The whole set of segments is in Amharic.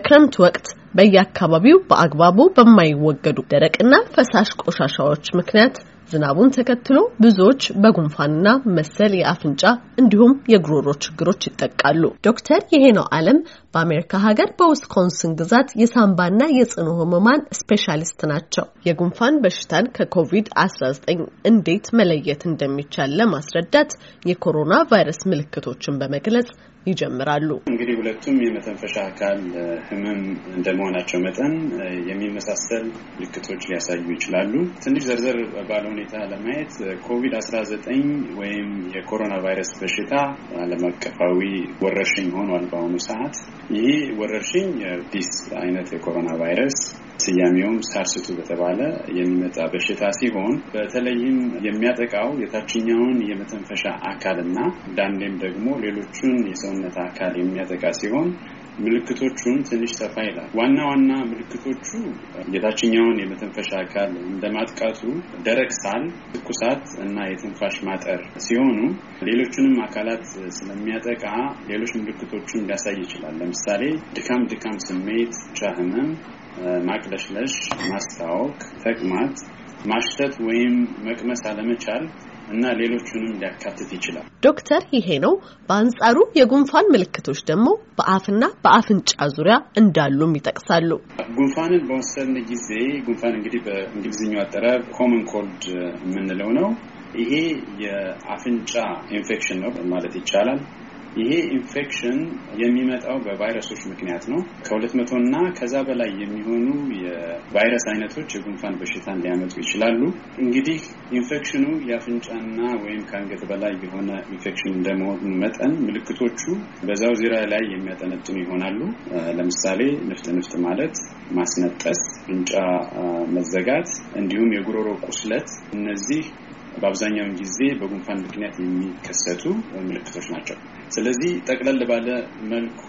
በክረምት ወቅት በየአካባቢው በአግባቡ በማይወገዱ ደረቅና ፈሳሽ ቆሻሻዎች ምክንያት ዝናቡን ተከትሎ ብዙዎች በጉንፋንና መሰል የአፍንጫ እንዲሁም የጉሮሮ ችግሮች ይጠቃሉ። ዶክተር የሄነው ዓለም በአሜሪካ ሀገር በዊስኮንስን ግዛት የሳምባና የጽኑ ህሙማን ስፔሻሊስት ናቸው። የጉንፋን በሽታን ከኮቪድ-19 እንዴት መለየት እንደሚቻል ለማስረዳት የኮሮና ቫይረስ ምልክቶችን በመግለጽ ይጀምራሉ። እንግዲህ ሁለቱም የመተንፈሻ አካል ህመም እንደመሆናቸው መጠን የሚመሳሰል ምልክቶች ሊያሳዩ ይችላሉ። ትንሽ ዘርዘር ባለ ሁኔታ ለማየት ኮቪድ አስራ ዘጠኝ ወይም የኮሮና ቫይረስ በሽታ ዓለም አቀፋዊ ወረርሽኝ ሆኗል በአሁኑ ሰዓት። ይህ ወረርሽኝ አዲስ አይነት የኮሮና ቫይረስ ስያሜውም ሳርስቱ በተባለ የሚመጣ በሽታ ሲሆን በተለይም የሚያጠቃው የታችኛውን የመተንፈሻ አካልና ዳንዴም ደግሞ ሌሎቹን የሰውነት አካል የሚያጠቃ ሲሆን ምልክቶቹም ትንሽ ሰፋ ይላል። ዋና ዋና ምልክቶቹ የታችኛውን የመተንፈሻ አካል እንደማጥቃቱ ደረቅ ሳል፣ ትኩሳት እና የትንፋሽ ማጠር ሲሆኑ ሌሎቹንም አካላት ስለሚያጠቃ ሌሎች ምልክቶቹን ሊያሳይ ይችላል። ለምሳሌ ድካም ድካም ስሜት፣ ጡንቻ ህመም፣ ማቅለሽለሽ፣ ማስታወክ፣ ተቅማጥ ማሽተት ወይም መቅመስ አለመቻል እና ሌሎቹንም ሊያካትት ይችላል። ዶክተር ይሄ ነው። በአንጻሩ የጉንፋን ምልክቶች ደግሞ በአፍና በአፍንጫ ዙሪያ እንዳሉም ይጠቅሳሉ። ጉንፋንን በወሰን ጊዜ ጉንፋን እንግዲህ በእንግሊዝኛው አጠራር ኮመን ኮልድ የምንለው ነው። ይሄ የአፍንጫ ኢንፌክሽን ነው ማለት ይቻላል። ይሄ ኢንፌክሽን የሚመጣው በቫይረሶች ምክንያት ነው። ከሁለት መቶ እና ከዛ በላይ የሚሆኑ የቫይረስ አይነቶች የጉንፋን በሽታን ሊያመጡ ይችላሉ። እንግዲህ ኢንፌክሽኑ የአፍንጫና ወይም ከአንገት በላይ የሆነ ኢንፌክሽን እንደመሆኑ መጠን ምልክቶቹ በዛው ዙሪያ ላይ የሚያጠነጥኑ ይሆናሉ። ለምሳሌ ንፍጥ ንፍጥ ማለት፣ ማስነጠስ፣ አፍንጫ መዘጋት እንዲሁም የጉሮሮ ቁስለት እነዚህ በአብዛኛውን ጊዜ በጉንፋን ምክንያት የሚከሰቱ ምልክቶች ናቸው። ስለዚህ ጠቅለል ባለ መልኩ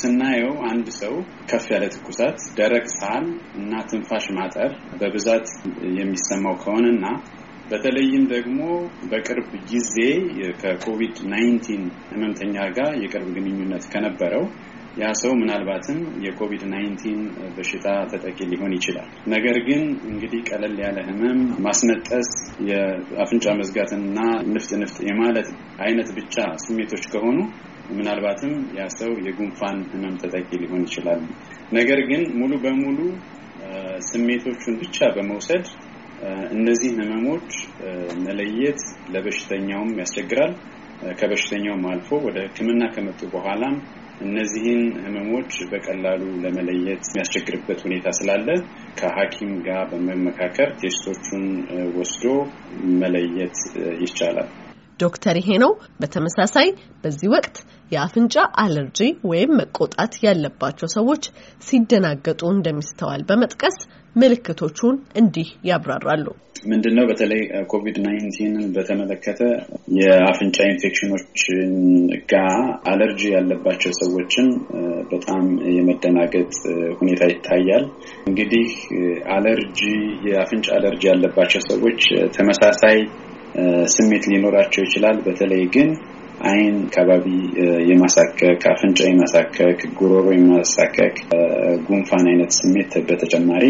ስናየው አንድ ሰው ከፍ ያለ ትኩሳት፣ ደረቅ ሳል እና ትንፋሽ ማጠር በብዛት የሚሰማው ከሆነና በተለይም ደግሞ በቅርብ ጊዜ ከኮቪድ-19 ህመምተኛ ጋር የቅርብ ግንኙነት ከነበረው ያ ሰው ምናልባትም የኮቪድ ናይንቲን በሽታ ተጠቂ ሊሆን ይችላል። ነገር ግን እንግዲህ ቀለል ያለ ህመም፣ ማስነጠስ፣ የአፍንጫ መዝጋትና ንፍጥ ንፍጥ የማለት አይነት ብቻ ስሜቶች ከሆኑ ምናልባትም ያ ሰው የጉንፋን ህመም ተጠቂ ሊሆን ይችላል። ነገር ግን ሙሉ በሙሉ ስሜቶቹን ብቻ በመውሰድ እነዚህ ህመሞች መለየት ለበሽተኛውም ያስቸግራል። ከበሽተኛውም አልፎ ወደ ሕክምና ከመጡ በኋላም እነዚህን ህመሞች በቀላሉ ለመለየት የሚያስቸግርበት ሁኔታ ስላለ ከሐኪም ጋር በመመካከር ቴስቶቹን ወስዶ መለየት ይቻላል። ዶክተር ይሄ ነው በተመሳሳይ በዚህ ወቅት የአፍንጫ አለርጂ ወይም መቆጣት ያለባቸው ሰዎች ሲደናገጡ እንደሚስተዋል በመጥቀስ ምልክቶቹን እንዲህ ያብራራሉ። ምንድን ነው በተለይ ኮቪድ ናይንቲንን በተመለከተ የአፍንጫ ኢንፌክሽኖችን ጋር አለርጂ ያለባቸው ሰዎችን በጣም የመደናገጥ ሁኔታ ይታያል። እንግዲህ አለርጂ የአፍንጫ አለርጂ ያለባቸው ሰዎች ተመሳሳይ ስሜት ሊኖራቸው ይችላል። በተለይ ግን አይን ከባቢ የማሳከክ አፍንጫ የማሳከክ ጉሮሮ የማሳከክ ጉንፋን አይነት ስሜት በተጨማሪ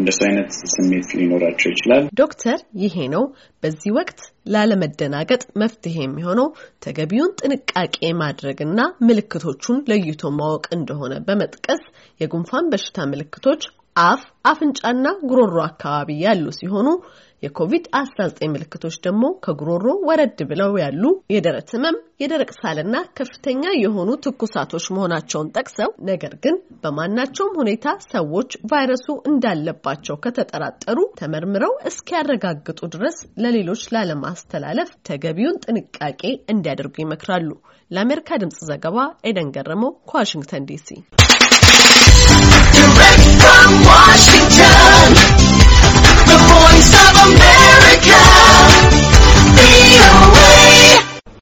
እንደሱ አይነት ስሜት ሊኖራቸው ይችላል። ዶክተር ይሄ ነው በዚህ ወቅት ላለመደናገጥ መፍትሄ የሚሆነው ተገቢውን ጥንቃቄ ማድረግና ምልክቶቹን ለይቶ ማወቅ እንደሆነ በመጥቀስ የጉንፋን በሽታ ምልክቶች አፍ፣ አፍንጫና ጉሮሮ አካባቢ ያሉ ሲሆኑ የኮቪድ-19 ምልክቶች ደግሞ ከጉሮሮ ወረድ ብለው ያሉ የደረት ህመም፣ የደረቅ ሳልና ከፍተኛ የሆኑ ትኩሳቶች መሆናቸውን ጠቅሰው ነገር ግን በማናቸውም ሁኔታ ሰዎች ቫይረሱ እንዳለባቸው ከተጠራጠሩ ተመርምረው እስኪያረጋግጡ ድረስ ለሌሎች ላለማስተላለፍ ተገቢውን ጥንቃቄ እንዲያደርጉ ይመክራሉ። ለአሜሪካ ድምጽ ዘገባ ኤደን ገረመው ከዋሽንግተን ዲሲ